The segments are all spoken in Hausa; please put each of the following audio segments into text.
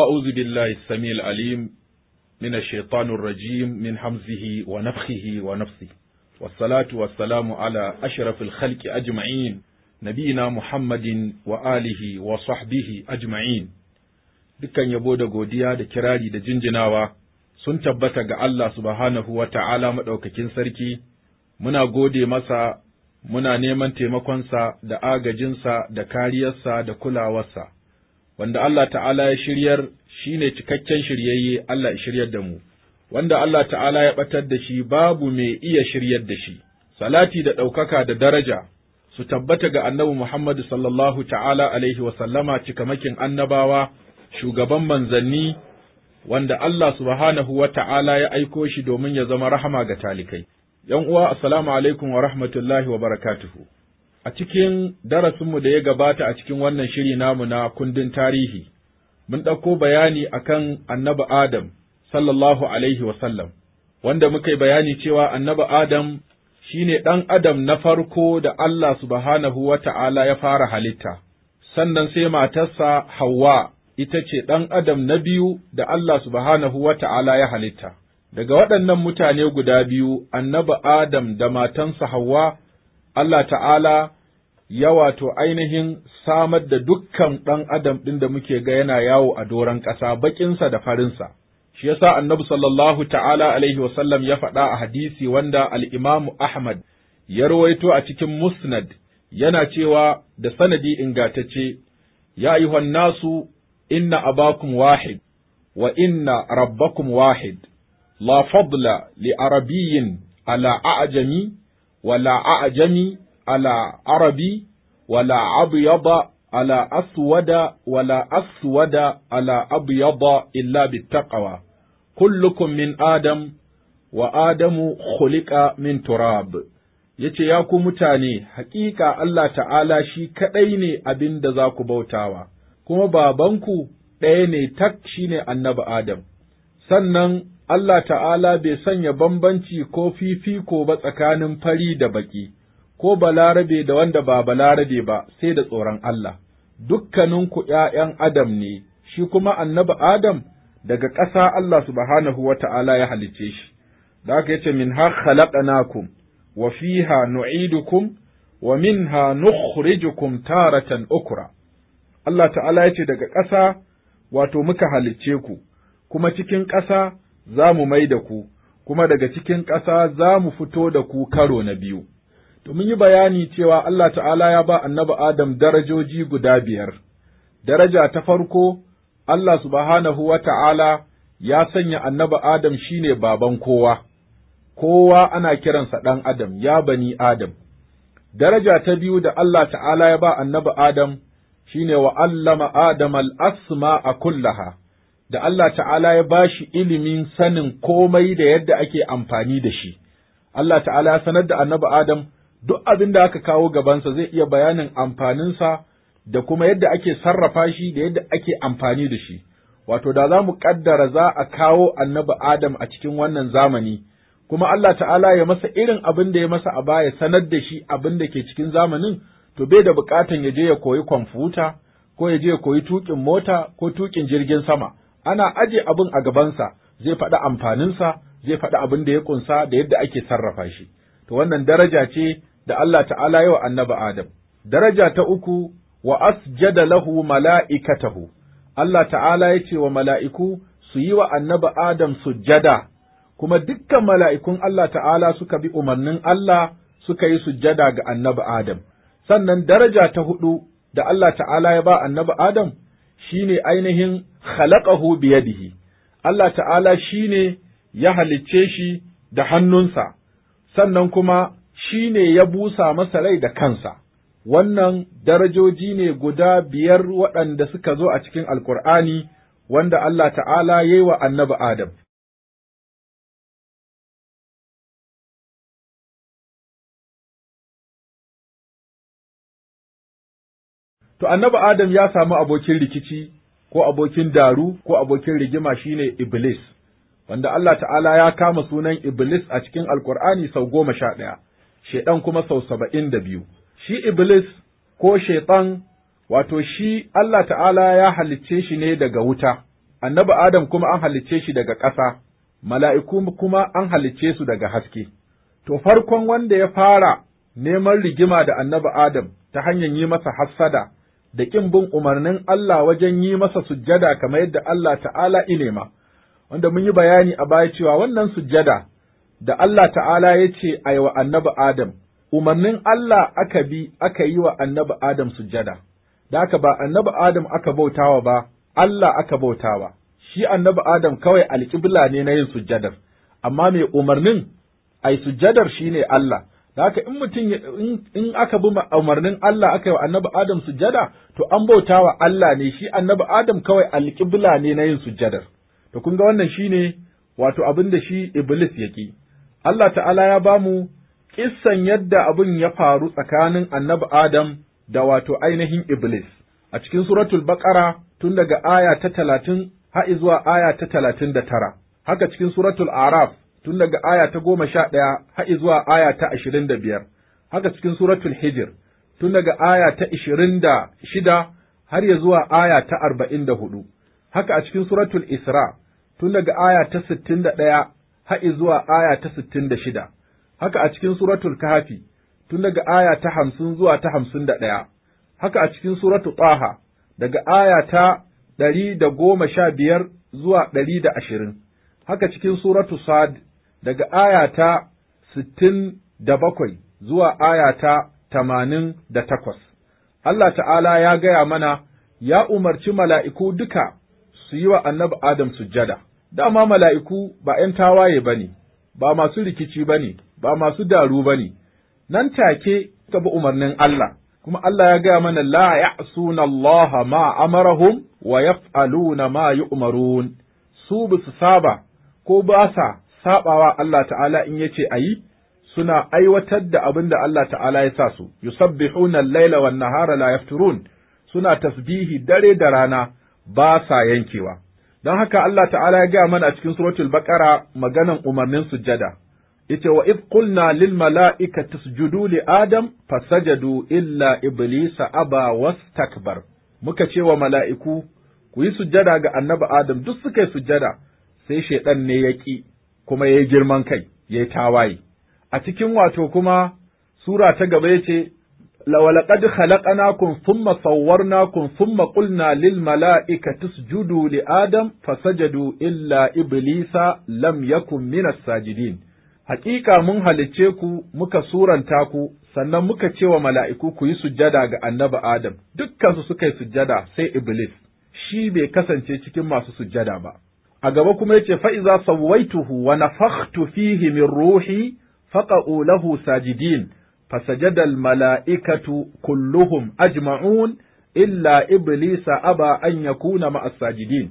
أعوذ بالله السميع العليم من الشيطان الرجيم من حمزه ونفخه ونفسه والصلاة والسلام على أشرف الخلق أجمعين نبينا محمد وآله وصحبه أجمعين dukkan yabo da godiya da kirari da jinjinawa sun tabbata ga Allah subhanahu wa ta'ala maɗaukakin sarki, muna gode masa, muna neman taimakonsa da agajinsa da kariyarsa da kulawarsa. wanda Allah ta'ala ya shiryar shi ne cikakken shiryayye Allah ya shiryar da mu, wanda Allah ta'ala ya ɓatar da shi babu mai iya shiryar da shi, salati da ɗaukaka da daraja su tabbata ga annabi Muhammadu sallallahu ta'ala alaihi wasallama cikamakin annabawa, shugaban manzanni, wanda Allah subhanahu wa ta'ala ya aiko shi domin ya zama rahama ga talikai. ’Yan uwa, assalamu alaikum wa rahmatullahi wa barakatuhu. A cikin darasinmu da ya gabata a cikin wannan shiri namu na kundin tarihi, mun ɗauko bayani a kan annabi Adam, sallallahu Alaihi wasallam, wanda muka yi bayani cewa annabi Adam shi ne ɗan Adam na farko da Allah subhanahu wa ta'ala ya fara halitta, sannan sai matarsa Hawwa ita ce ɗan Adam na biyu da Allah subhanahu wa ta'ala ya halitta. Daga waɗannan mutane guda biyu, annabi Adam da matansa Hawwa Allah ta'ala ya wato ainihin samar da dukkan ɗan adam ɗin da muke ga yana yawo a doron ƙasa baƙinsa da farinsa. Shi yasa annabi sallallahu ta'ala alaihi wasallam ya faɗa a hadisi wanda al'imamu Ahmad ya rawaito a cikin Musnad yana cewa da sanadi ingatacce, Ya yi nasu inna abakum wahid, wa inna rabbakum wahid, la fadla li arabiyyin ala a'jami wala a'jami ala arabi wala abyada ala aswada wala aswada ala abyada illa bittaqwa kullukum min adam wa adamu khuliqa min turab yace ya ku mutane haƙiƙa Allah ta'ala shi kaɗai ne abin da za ku bautawa kuma babanku ɗaya ne tak shine annabi adam sannan Allah ta'ala bai sanya bambanci ko fifiko ba tsakanin fari da baƙi, ko balarabe da wanda ba balarabe ba sai da tsoron Allah, dukkaninku ’ya'yan Adam ne, shi kuma annabi Adam daga ƙasa Allah subhanahu wa ta'ala ya halicce shi, da aka yace min ha khalaqnakum wa fiha nu'idukum wa minha nukhrijukum taratan ukra. Allah ta'ala yace daga ƙasa wato muka halicce ku, kuma cikin ƙasa za mu mai da ku, kuma daga cikin ƙasa za mu fito da ku karo na biyu. To mun yi bayani cewa Allah ta'ala ya ba annabi Adam darajoji guda biyar, daraja ta farko Allah subhanahu wa ta'ala ya sanya annabi Adam shi ne baban kowa, kowa ana kiransa ɗan Adam, ya bani Adam. Daraja ta biyu da Allah ta'ala ya ba annabi Adam shine wa allama Adam al'asma a kullaha, da Allah ta'ala ya bashi ilimin sanin komai da yadda ake amfani da shi. Allah ta'ala ya sanar da annabi Adam duk abin da aka kawo gabansa zai iya bayanin amfaninsa da kuma yadda ake sarrafa shi da yadda ake amfani da shi. Wato, da za mu ƙaddara za a kawo annabi Adam a cikin wannan zamani, kuma Allah ta'ala ya masa irin abin da ya masa a baya sanar da shi abin da ke cikin zamanin, to bai da buƙatan ya je ya koyi kwamfuta, ko ya je ya koyi tuƙin mota, ko tuƙin jirgin sama. ana aje abin a gabansa zai faɗi amfaninsa zai faɗi abin da ya kunsa da yadda ake sarrafa shi to wannan daraja ce da Allah ta'ala wa annabi Adam daraja ta uku wa asjada lahu mala'ikatahu Allah ta'ala ya ce wa mala'iku su yi wa annabi Adam sujjada kuma dukkan mala'ikun Allah ta'ala suka bi umarnin Allah suka yi sujjada ga annabi Adam sannan daraja ta hudu da Allah ta'ala ya ba annabi Adam shine ainihin khalaqahu biyadihi Allah ta'ala shi ne ya halicce shi da hannunsa sannan kuma shi ne ya busa masa rai da kansa wannan darajoji ne guda biyar waɗanda suka zo a cikin alkur'ani wanda Allah ta'ala ya yi wa annabi Adam. To, annabi Adam ya samu abokin rikici ko abokin daru ko abokin rigima shine Iblis, wanda Allah ta'ala ya kama sunan Iblis a cikin Alƙur'ani sau goma sha ɗaya, Shaiɗan kuma sau saba'in da biyu. Shi Iblis ko Shaiɗan wato shi Allah ta'ala ya halicce shi ne daga wuta, annabi Adam kuma an halicce shi daga ƙasa, mala'iku kuma an halicce su daga haske. To farkon wanda ya fara neman rigima da annabi Adam ta hanyar yi masa hassada da ƙin bin umarnin Allah wajen yi masa sujjada kamar yadda Allah ta'ala inema. wanda mun yi bayani a baya cewa wannan sujjada da Allah ta'ala ya ce a yi wa annabi Adam, umarnin Allah aka bi aka yi wa annabi Adam sujjada, da aka ba annabi Adam aka bautawa ba, Allah aka bautawa, shi annabi Adam kawai alƙibla ne na yin sujjadar, amma mai umarnin a sujjadar shi ne Allah, haka in mutum in aka bi umarnin Allah aka yi wa annabi Adam sujada to an bauta wa Allah ne shi annabi Adam kawai alƙibla ne na yin sujadar to kun ga wannan shi ne wato abin da shi Iblis yake Allah ta'ala ya bamu kissan yadda abin ya faru tsakanin annabi Adam da wato ainihin Iblis a cikin suratul Baqara tun daga aya ta talatin har zuwa aya ta talatin da tara haka cikin suratul Araf tun daga aya ta goma sha ɗaya har zuwa aya ta ashirin da biyar, haka cikin suratul hijir, tun daga aya ta ashirin da shida har ya zuwa aya ta arba'in da hudu, haka a cikin suratul isra, tun daga aya ta sittin da ɗaya har zuwa aya ta sittin da shida, haka a cikin suratul kahafi, tun daga aya ta hamsin zuwa ta hamsin da ɗaya, haka a cikin suratul ɗaha daga aya ta ɗari da goma sha biyar zuwa ɗari da ashirin, haka cikin suratu sad daga aya ta sittin da bakwai zuwa aya ta tamanin da takwas. Allah ta'ala ya gaya mana ya umarci mala'iku duka su yi wa annabi Adam sujjada, dama mala'iku ba ’yan tawaye ba ne, ba masu rikici ba ne, ba masu daru ba ne, nan take suka bi umarnin Allah, kuma Allah ya gaya mana la ya'suna Allah ma amarahum wa na ma yu'marun su ba saba ko ba sa saɓawa Allah ta'ala in yace a yi, suna aiwatar da abin da Allah ta'ala ya sa su, yusabbihuna al-laila wan nahara la yafturun, suna tasbihi dare da rana ba sa yankewa. Don haka Allah ta'ala ya gaya mana a cikin suratul Baqara maganan umarnin sujada. Yace wa id qulna lil mala'ika tasjudu li Adam fasajadu illa iblisa aba wastakbar. Muka ce wa mala'iku ku yi sujada ga annabi Adam duk suka yi sujada, sai shaiɗan ne ya ƙi kuma ya yi girman kai ya yi tawaye a cikin wato kuma sura ta gaba ya ce lawalaƙad khalaqnakum thumma kun summa ƙulna lil mala'ikati isjudu li adam fasajadu illa iblisa lam yakun minas sajidin Hakika mun halicce ku muka suranta ku sannan muka ce wa mala'iku ku yi sujjada ga annabi Adam, dukkansu suka yi sujjada sai Iblis, shi bai kasance cikin masu sujjada ba. a gaba kuma yace fa iza sawaituhu wa nafakhtu fihi min ruhi faqa'u lahu sajidin fasajada al mala'ikatu kulluhum ajma'un illa iblisa aba an yakuna ma'as sajidin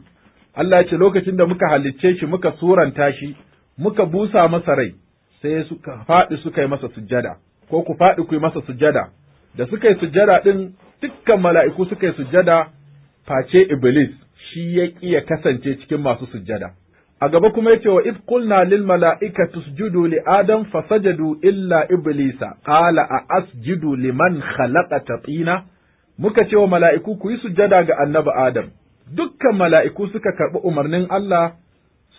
Allah yace lokacin da muka halicce shi muka suranta shi muka busa masa rai sai suka faɗi suka yi masa sujjada ko ku faɗi ku yi masa sujjada da suka yi sujjada ɗin dukkan mala'iku suka yi sujjada face iblis shi ya ya kasance cikin masu sujjada a gaba kuma yace wa idh qulna lil mala'ikati isjudu li adam fasajadu illa iblisa qala a asjudu liman khalaqa tatina muka ce wa mala'iku ku yi sujjada ga annabi adam dukkan mala'iku suka karɓi umarnin Allah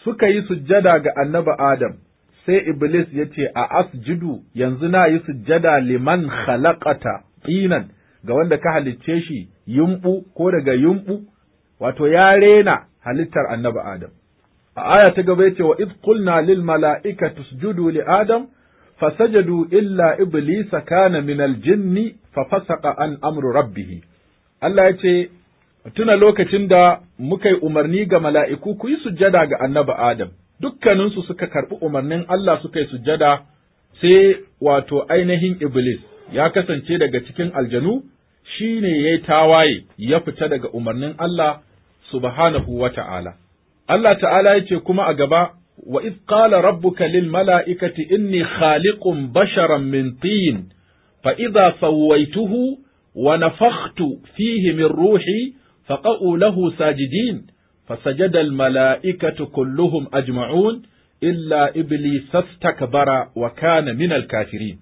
suka yi sujjada ga annabi adam sai iblis ya ce a asjudu yanzu na yi sujjada liman khalaqata tinan ga wanda ka halicce shi yumbu ko daga yumbu wato ya rena halittar annabi Adam. A aya ta gaba yace wa id qulna lil mala'ikati tusjudu li Adam fasajadu illa iblisa kana min al jinni fa fasaqa an amru rabbih. Allah yace tuna lokacin da muka yi umarni ga mala'iku ku yi sujjada ga annabi Adam. Dukkaninsu suka karɓi umarnin Allah suka yi sujjada sai wato ainihin Iblis ya kasance daga cikin aljanu shine ne ya tawaye ya fita daga umarnin Allah subhanahu wa ta'ala. Allah ta'ala yake kuma a gaba, wa iz qala rabbuka lil mala'ikati inni khaliqun basharan min tin fa idza sawwaytuhu wa nafakhtu fihi min ruhi fa faqa'u lahu sajidin fa sajada al mala’ikatu kulluhum ajma'un illa iblis إلا wa kana min al kafirin.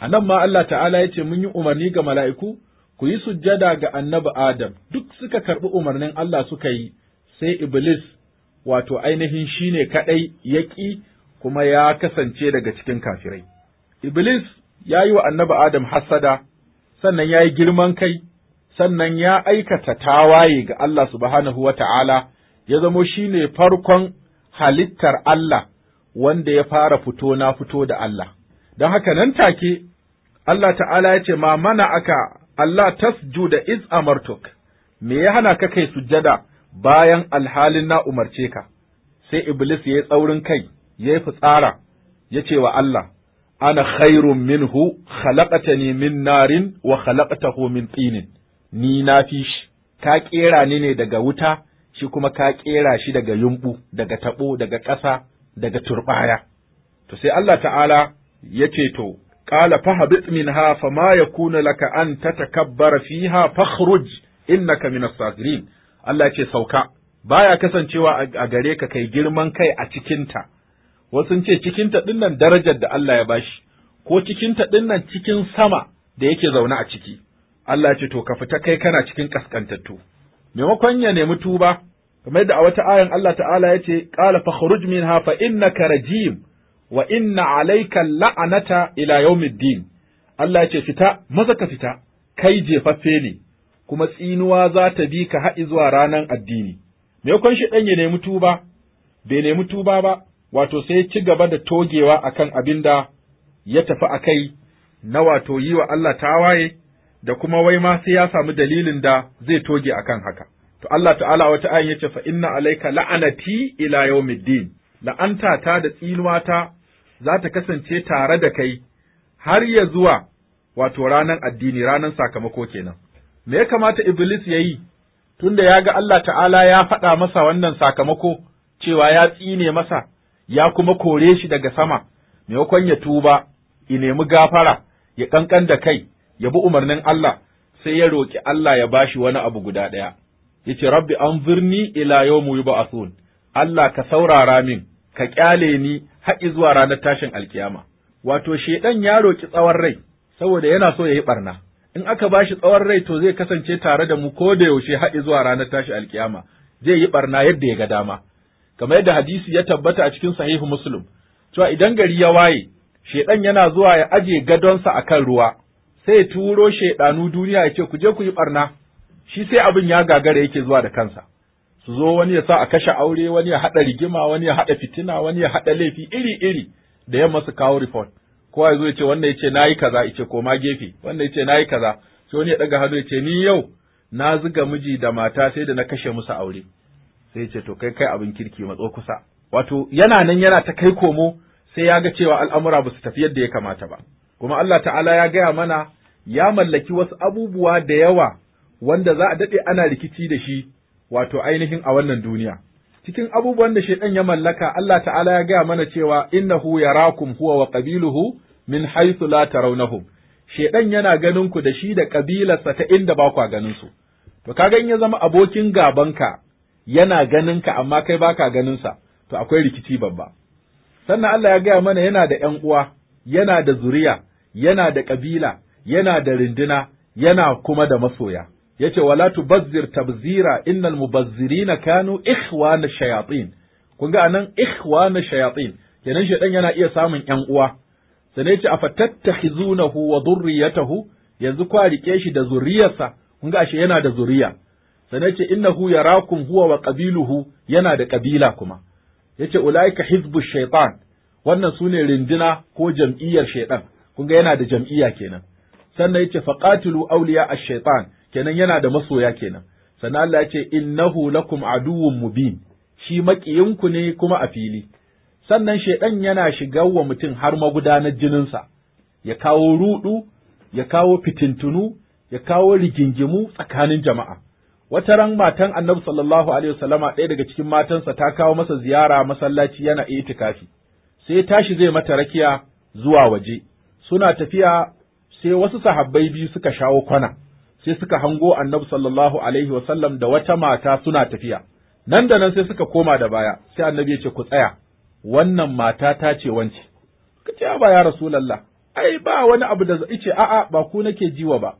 anan ma Allah ta'ala ya mun yi umarni ga mala'iku ku yi sujjada ga annabi Adam, duk suka karɓi umarnin Allah suka yi, sai Iblis, wato ainihin shi ne kaɗai ya ƙi kuma ya kasance daga cikin kafirai. Iblis ya yi wa annabi Adam hassada, sannan ya yi girman kai, sannan ya aikata tawaye ga Allah subhanahu wa ta'ala, ya zamo shi ne farkon halittar Allah wanda ya fara fito na fito da Allah. Don haka nan take, Allah ta'ala ya ce, Ma mana aka Allah tasjuda iz amartuk me ya hana ka kai sujjada bayan alhalin na umarce ka sai iblis ya yi tsaurin kai ya yi fitsara ya ce wa Allah ana khairun minhu khalaqatani min narin wa khalaqtahu min tsinin ni na fi shi ka kera ni ne daga wuta shi kuma ka ƙera shi daga yumbu daga taɓo, daga ƙasa daga turɓaya. to sai Allah ta'ala ya ce to قال فهبط منها فما يكون لك an تتكبر fiha fakhruj innaka من الصاغرين Allah ce sauka baya kasancewa a gare ka kai girman kai a cikinta wasu ce cikinta dinnan darajar da Allah ya bashi ko cikinta dinnan cikin sama da yake zaune a ciki Allah ce to ka fita kai kana cikin kaskantattu maimakon ya nemi tuba kamar da a wata ayan Allah ta'ala ya ce fa fakhruj minha fa innaka rajim wa inna alayka la'anata ila yawmiddin Allah ya ce fita maza ka fita kai jefaffe ne kuma tsinuwa za ta bi ka haɗi zuwa ranan addini me kun shi ɗan ya nemi tuba bai nemi tuba ba wato sai ci gaba da togewa akan abin da ya tafi a kai na wato yi wa Allah tawaye da kuma wai ma sai ya samu dalilin da zai toge akan haka to Allah ta'ala wata ayin yace fa inna alayka la'anati ila yawmiddin la'anta ta da tsinuwa ta za ta kasance tare da kai har ya zuwa wato ranar addini ranar sakamako kenan me ya kamata iblis ya yi tunda ya ga Allah ta'ala ya faɗa masa wannan sakamako cewa ya tsine masa ya kuma kore shi daga sama me ya tuba ya nemi gafara ya ƙanƙan da kai ya bi umarnin Allah sai ya roƙi Allah ya bashi wani abu guda ɗaya yace rabbi anzirni ila yawmi yub'athun Allah ka saurara min ka kyale ni haƙi zuwa ranar tashin alkiyama. Wato, Shaiɗan ya roƙi tsawon rai, saboda yana so ya yi ɓarna. In aka ba shi tsawon rai to zai kasance tare da mu ko da yaushe haɗi zuwa ranar tashi alkiyama, zai yi ɓarna yadda ya ga dama. Kamar yadda hadisi ya tabbata a cikin sahihu Muslim, cewa idan gari ya waye, Shaiɗan yana zuwa ya aje gadonsa a kan ruwa, sai ya turo shaiɗanu duniya ya ce ku je ku yi ɓarna, shi sai abin ya gagara yake zuwa da kansa. su zo wani ya sa a kashe aure wani ya haɗa rigima wani ya haɗa fitina wani ya haɗa laifi iri iri da yamma su kawo report kowa ya zo ya ce wannan ya ce na yi kaza ya ce koma gefe wannan ya ce na yi kaza sai wani ya ɗaga hannu ya ce ni yau na zuga miji da mata sai da na kashe musu aure sai ya ce to kai kai abin kirki matso kusa wato yana nan yana ta kai komo sai ya ga cewa al'amura ba su tafi yadda ya kamata ba kuma Allah ta'ala ya gaya mana ya mallaki wasu abubuwa da yawa wanda za a daɗe ana rikici da shi wato ainihin a wannan duniya cikin abubuwan da shedan ya mallaka Allah ta'ala ya gaya mana cewa innahu yarakum huwa wa qabiluhu min haythu la tarawnahum shedan yana ganin ku da shi da kabilarsa ta inda ba kwa ganin su to kaga in ya zama abokin gabanka yana ganin ka amma kai baka ganin sa to akwai rikici babba sannan Allah ya gaya mana yana da ’yan uwa, yana da zuriya, yana da ƙabila, yana da rinduna, yana kuma da masoya. yace wala tubazzir tabzira innal mubazzirina kanu ikhwana shayatin kun ga anan ikhwana shayatin kenan shedan yana iya samun 'yan uwa sanai yace afatattakhizunahu wa dhurriyatahu yanzu kwa rike shi da zuriyarsa kun ga ashe yana da zuriya sanai yace innahu yarakum huwa wa qabiluhu yana da kabila kuma yace ulaika hizbu shaytan wannan sune rindina ko jam'iyyar shaytan kun ga yana da jam'iyya kenan sannan yace faqatilu awliya ash-shaytan kenan yana da masoya kenan sannan Allah ya ce innahu lakum aduwwun mubin shi maƙiyinku ne kuma a fili sannan shedan yana shiga wa mutum har magudanar jininsa ya kawo rudu ya kawo fitintunu ya kawo rigingimu tsakanin jama'a wata ran matan annabi sallallahu alaihi wasallama ɗaya daga cikin matansa ta kawo masa ziyara masallaci yana itikafi sai tashi zai mata rakiya zuwa waje suna tafiya sai wasu sahabbai biyu suka shawo kwana sai suka hango annabi sallallahu alaihi wasallam da wata mata suna tafiya, nan da nan sai suka koma da baya, sai annabi ya ce ku tsaya, wannan mata ta ce wance, ka ce ba ya Rasulallah, ai ba wani abu da zai ce a'a ba ku nake jiwa ba,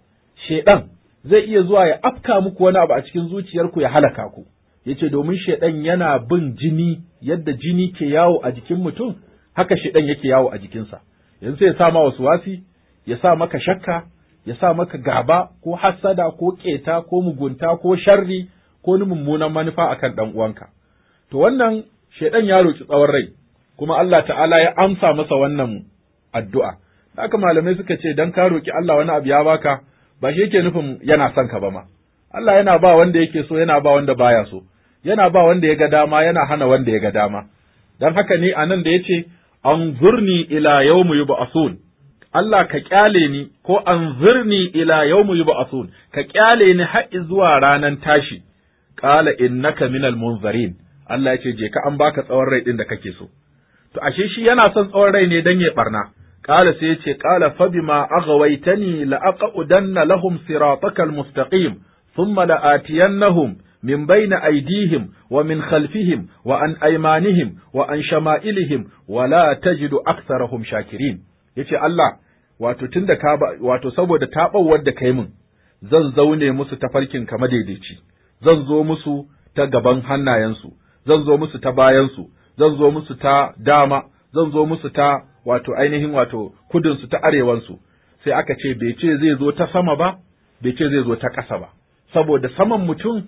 shaiɗan zai iya zuwa ya afka muku wani abu a cikin zuciyarku ya halaka ku. yace domin shaiɗan yana bin jini yadda jini ke yawo a jikin mutum haka shaiɗan yake yawo a jikinsa yanzu sai ya sa ma wasu wasi ya sa maka shakka ya sa maka gaba ko hassada ko ƙeta ko mugunta ko sharri ko ni mummunan manufa akan ɗan uwanka to wannan shaidan ya roki tsawon rai kuma Allah ta'ala ya amsa masa wannan addu'a haka malamai suka ce dan ka roki Allah wani abu ya baka ba shi yake nufin yana son ka ba ma Allah yana ba wanda yake so yana ba wanda baya so yana ba wanda ya ga dama yana hana wanda ya ga dama dan haka ne anan da ya yace zurni ila yau yawmi yub'asun Allah ka kyale ni ko an zirni ila yau yi yub'athun ka kyale ni har zuwa ranan tashi ƙala innaka minal munzarin Allah ya ce je ka an baka tsawon rai ɗin da kake so to ashe shi yana son tsawon rai ne dan ya barna Kala sai ya ce qala fabima aghawaitani la aqudanna lahum siratakal mustaqim thumma wa atiyannahum من بين wa an خلفهم wa an shama'ilihim شمائلهم ولا تجد أكثرهم shakirin. yace Allah wato tunda ka wato saboda tabawar da kai min zan zaune musu ta farkin ka madaidaici zan zo musu ta gaban hannayensu zan zo musu ta bayansu zan zo musu ta dama zan zo musu ta wato ainihin wato kudinsu ta arewansu sai aka ce bai ce zai zo ta sama ba bai ce zai zo ta ƙasa ba saboda saman mutum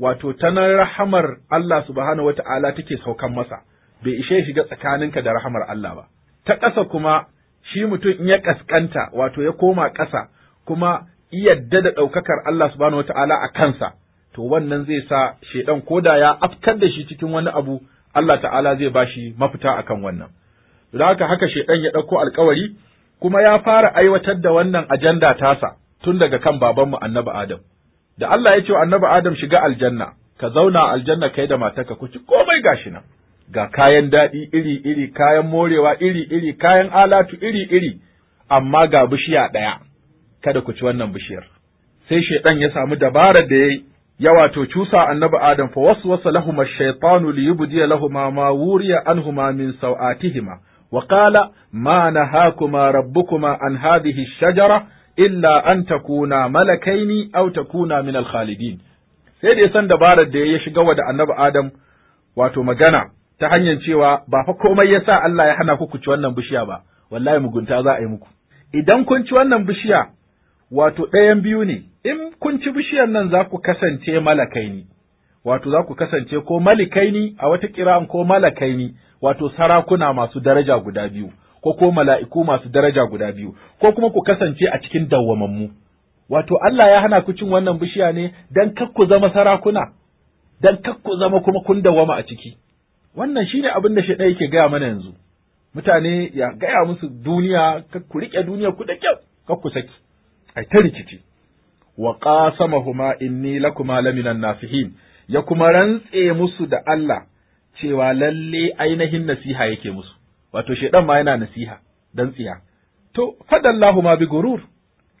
wato ta nan rahamar Allah subhanahu wata'ala take saukan masa bai ishe shiga tsakaninka da rahamar Allah ba ta ƙasa kuma shi mutum in ya kaskanta wato ya koma ƙasa kuma yadda da ɗaukakar Allah subhanahu ta'ala a kansa to wannan zai sa shaidan da ya aftar da shi cikin wani abu Allah ta'ala zai ba shi mafita a kan wannan don haka haka shaidan ya ɗauko alkawari kuma ya fara aiwatar da wannan ajanda tasa tun daga kan babanmu annabi Adam da Allah ya ce wa annabi Adam shiga aljanna ka zauna aljanna kai da matarka ku ci komai gashi nan ga kayan daɗi iri-iri, kayan morewa iri-iri, kayan alatu iri-iri, amma ga bishiya ɗaya, kada ku ci wannan bishiyar. Sai Shaiɗan ya samu dabarar da ya ya wato cusa annabi Adam fa wasu wasu lahuma shaitanu li yubdiya lahuma ma wuriya huma min sau'atihima wa kala ma nahakuma rabbukuma an hadihi shajara illa an takuna malakaini ta takuna min al-khalidin sai da ya san dabarar da ya shiga wa da annabi Adam wato magana ta hanyar cewa ba fa komai ya sa Allah ya hana ku ci wannan bishiya ba wallahi mugunta za a yi muku idan kun ci wannan bishiya wato ɗayan biyu ne in kun ci bishiyar nan za ku kasance malakaini wato za ku kasance ko malikaini a wata kira'an ko malakaini wato sarakuna masu daraja guda biyu ko ko mala'iku masu daraja guda biyu ko kuma ku kasance a cikin dawwamammu wato Allah ya hana ku cin wannan bishiya ne don kar ku zama sarakuna don kar ku zama kuma kun dawwama a ciki wannan shine abin da shaɗa yake gaya mana yanzu mutane ya gaya musu duniya ku riƙe duniya ku da kyau kar ku saki ai ta rikici wa qasamahuma inni lakuma laminan nasihin ya kuma rantse musu da Allah cewa lalle ainihin nasiha yake musu wato shedan ma yana nasiha dan tsiya to fadallahu ma bi gurur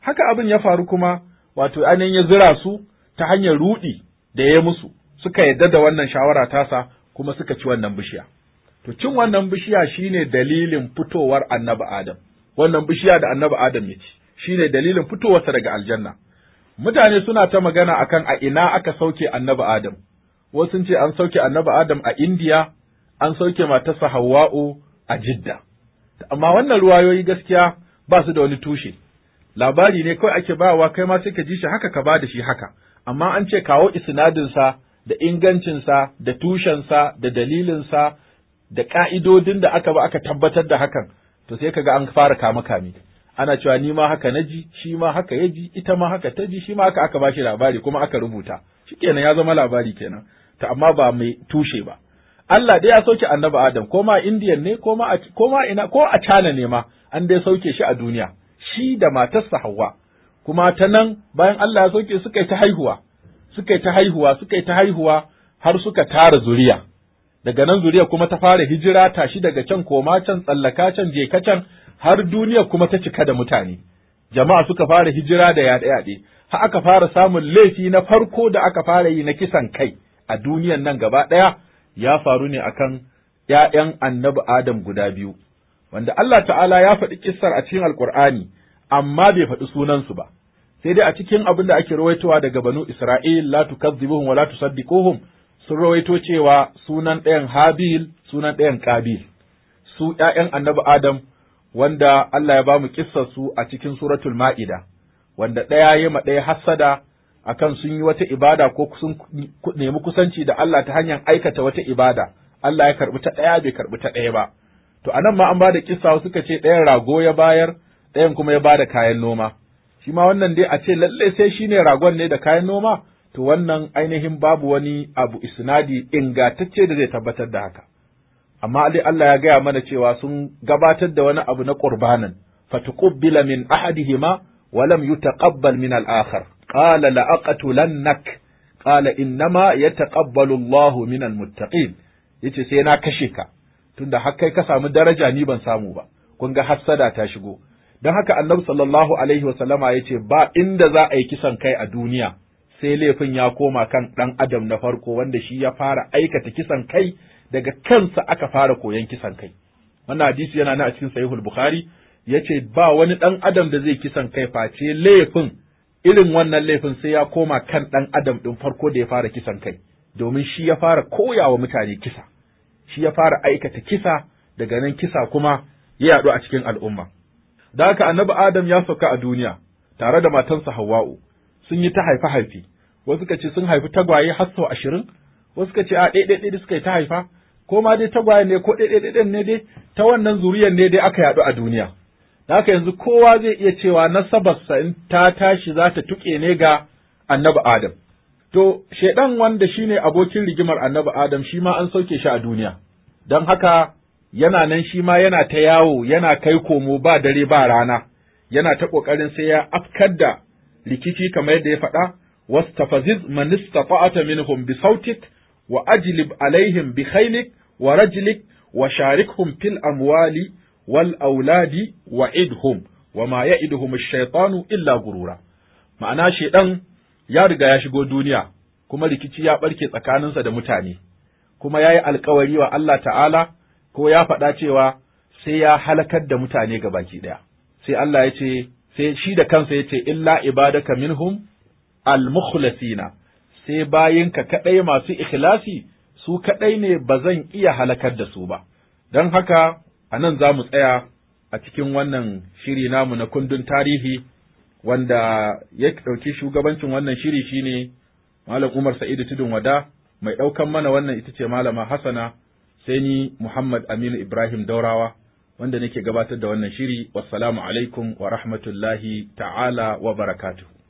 haka abin ya faru kuma wato anan ya zira su ta hanyar rudi da ya musu suka yadda da wannan shawara tasa kuma suka ci wannan bishiya to cin wannan bishiya shine dalilin fitowar annabi adam wannan bishiya da annabi adam ya ci shine dalilin fitowarsa daga aljanna mutane suna ta magana akan a ina aka sauke annabi adam wasu sun ce an sauke annabi adam a indiya an sauke matarsa hawa'u a jidda amma wannan ruwayoyi gaskiya ba su da wani tushe labari ne kawai ake bawa kai ma sai ka ji shi haka ka ba da shi haka amma an ce kawo isnadinsa da ingancinsa da tushensa da dalilinsa da ƙa'idodin da aka ba aka tabbatar da hakan to sai kaga an fara kama kame ana cewa ni ma haka naji shi ma haka ya ji ita ma haka ta ji shi ma haka aka bashi labari kuma aka rubuta shikenan ya zama labari kenan Ta amma ba mai tushe ba Allah dai ya sauke annabi Adam ko ma Indiyan ne ko ma ko ina ko a cana ne ma an dai sauke shi a duniya shi da matarsa Hawwa kuma ta nan bayan Allah ya sauke suka yi ta haihuwa suka yi ta haihuwa suka yi ta haihuwa har suka tara zuriya daga nan zuriya kuma ta fara hijira tashi daga can koma can tsallaka can je can har duniya kuma ta cika da mutane jama'a suka fara hijira da yaɗe yaɗe har aka fara samun laifi na farko da aka fara yi na kisan kai a duniyan nan gaba ɗaya ya faru ne akan ‘ya'yan annabi Adam guda biyu, wanda Allah ta'ala ya faɗi kissar a cikin Alƙur'ani, amma bai faɗi sunansu ba. sai dai a cikin abin da ake rawaitowa daga banu Isra'il la tukazzibuhum wa la tusaddiquhum sun rawaito cewa sunan ɗayan Habil sunan ɗayan Kabil su ’ya'yan annabi Adam wanda Allah ya ba mu su a cikin suratul Ma'ida wanda ɗaya ya ma ɗaya hassada akan sun yi wata ibada ko sun nemi kusanci da Allah ta hanyar aikata wata ibada Allah ya karɓi ta ɗaya bai karɓi ta ɗaya ba to anan ma an ba da kissa suka ce ɗayan rago ya bayar ɗayan kuma ya bada kayan noma shi ma wannan dai a ce lalle sai shi ne ragon ne da kayan noma to wannan ainihin babu wani abu isnadi ingantacce da zai tabbatar da haka amma dai Allah ya gaya mana cewa sun gabatar da wani abu na qurbanan fatuqbila min ahadihima wa lam yutaqabbal min al-akhar qala la aqtulannak qala innama yataqabbalu Allahu min al-muttaqin yace sai na kashe ka tunda har kai ka samu daraja ni ban samu ba kun ga hassada ta shigo don haka annabi sallallahu alaihi wasallama ya ce ba inda za a yi kisan kai a duniya sai laifin ya koma kan ɗan adam na farko wanda shi ya fara aikata kisan kai daga kansa aka fara koyon kisan kai wannan hadisi yana nan a cikin sahihul bukhari yace ba wani ɗan adam da zai kisan kai face laifin irin wannan laifin sai ya koma kan ɗan adam ɗin farko da ya fara kisan kai domin shi ya fara koya wa mutane kisa shi ya fara aikata kisa daga nan kisa kuma ya yaɗu a cikin al'umma da haka annabi Adam ya sauka a duniya tare da matansa Hawwa'u sun yi ta haife haife wasu ka ce sun haifi tagwaye har sau ashirin wasu ka ce a ɗaya ɗaya suka yi ta haifa ko ma dai tagwaye ne ko ɗaya ɗaya ne dai ta wannan zuriyar ne dai aka yaɗu a duniya da haka yanzu kowa zai iya cewa nasabarsa in ta tashi za ta tuƙe ne ga annabi Adam to shaidan wanda shine abokin rigimar annabi Adam shi ma an sauke shi a duniya don haka yana nan shi ma yana ta yawo yana kai komo ba dare ba rana yana ta ƙoƙarin sai ya afkar da rikici kamar yadda ya faɗa wastafaziz man istata'ata minhum bi sautik wa ajlib alaihim bi khaylik wa rajlik wa sharikhum fil amwali wal auladi wa idhum wa ma ya'iduhum ash-shaytanu illa gurura ma'ana shedan ya riga ya shigo duniya kuma rikici ya barke tsakaninsa da mutane kuma yayi alkawari wa Allah ta'ala ko ya faɗa cewa sai ya halakar da mutane ga baki ɗaya sai Allah ya ce sai shi da kansa ya ce illa ibadaka minhum al-mukhlasina sai ka kaɗai masu ikhlasi su kaɗai ne ba zan iya halakar da su ba don haka a nan za mu tsaya a cikin wannan shiri namu na kundin tarihi wanda ya ɗauki shugabancin wannan shiri shine Malam Umar Sa'idu Tudun Wada mai ɗaukan mana wannan ita ce Malama Hassana sai ni Muhammad Aminu Ibrahim Daurawa wanda nake gabatar da wannan shiri wassalamu alaikum wa rahmatullahi ta'ala wa barakatuh